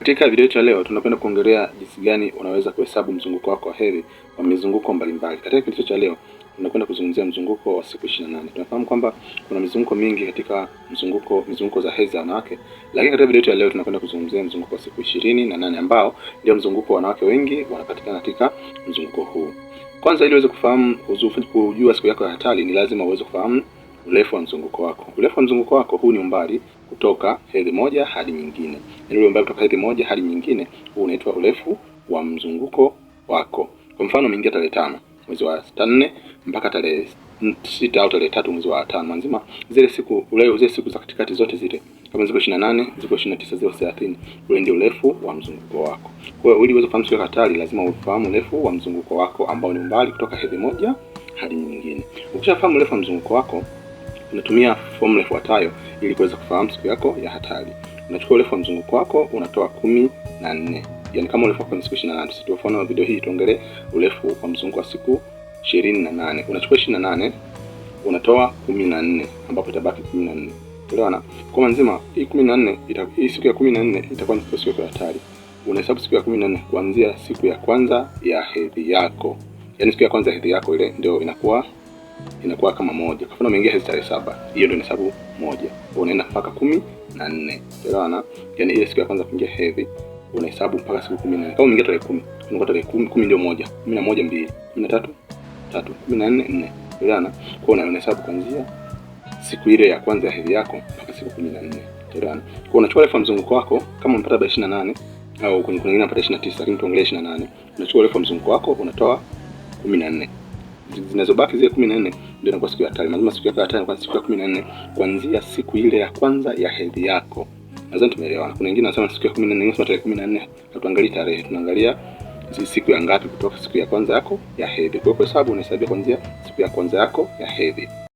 Katika video yetu ya leo tunapenda kuongelea jinsi gani unaweza kuhesabu mzunguko wako wa heri wa mizunguko mbalimbali. Katika kipindi cha leo tunakwenda kuzungumzia mzunguko wa siku 28. Tunafahamu kwamba kuna mizunguko mingi katika mzunguko mizunguko za hedhi za wanawake, lakini katika video yetu ya leo tunakwenda kuzungumzia mzunguko wa siku 28 ambao ndio mzunguko wa wanawake wengi wanapatikana katika mzunguko huu. Kwanza, ili uweze kufahamu uzufu kujua siku yako ya hatari, ni lazima uweze kufahamu urefu wa mzunguko wako. Urefu wa mzunguko wako huu ni umbali kutoka hedhi moja hadi nyingine. Ni yaani ule umbali kutoka hedhi moja hadi nyingine, unaitwa urefu wa mzunguko wako. Kwa mfano, umeingia tarehe tano mwezi wa nne mpaka tarehe sita au tarehe tatu mwezi wa tano nzima, zile siku ule zile siku za katikati zote zile, kama ziko 28 ziko 29 ziko 30, ule ndio urefu wa mzunguko wako. Kwa hiyo ili uweze kufahamu siku ya hatari, lazima ufahamu urefu wa mzunguko wako ambao ni umbali kutoka hedhi moja hadi nyingine. Ukishafahamu urefu wa mzunguko wako Unatumia formula ifuatayo ili kuweza kufahamu siku yako ya hatari. Unachukua urefu wa mzunguko wako unatoa kumi na nne, yaani kama urefu wako ni siku ishirini na nane. Kwa mfano wa video hii tuongelee urefu wa mzunguko wa siku ishirini na nane. Unachukua ishirini na nane unatoa kumi na nne ambapo itabaki kumi na nne. Unaona? Kwa nzima hii 14 ita, hii siku ya 14 itakuwa ni siku ya hatari. Unahesabu siku ya 14 kuanzia siku ya kwanza ya hedhi yako. yani siku ya kwanza ya hedhi yako ile ndio inakuwa inakuwa kama moja. Kwa mfano umeingia hizi tarehe saba, hiyo ndio ni hesabu moja, unaenda mpaka kumi na nne. Elewana, yani ile siku ya kwanza kuingia hedhi unahesabu mpaka siku kumi na nne. Kama umeingia tarehe kumi, unakuwa tarehe kumi, kumi ndio moja, kumi na moja mbili, kumi na tatu tatu, kumi na nne nne. kwa hiyo unahesabu kuanzia siku ile ya kwanza ya hedhi yako mpaka siku kumi na nne. Elewana, kwa unachukua refu ya mzunguko wako, kama unapata labda na nane au kuna wengine wanapata ishirini na tisa lakini tuongelee ishirini na nane unachukua refu ya mzunguko wako unatoa kumi na nne zinazobaki zile kumi na nne ndio inakuwa siku ya tano. Lazima siku yako ya tano kwa siku ya kumi na nne kuanzia siku ile ya kwanza ya hedhi yako. Nadhani tumeelewana. Kuna wengine wanasema siku ya kumi na nne nasema tarehe kumi na nne hatuangalii tarehe, tunaangalia siku ya ngapi kutoka siku ya kwanza yako ya hedhi. Kwa hiyo kwa hesabu unahesabia kuanzia siku ya kwanza yako ya hedhi.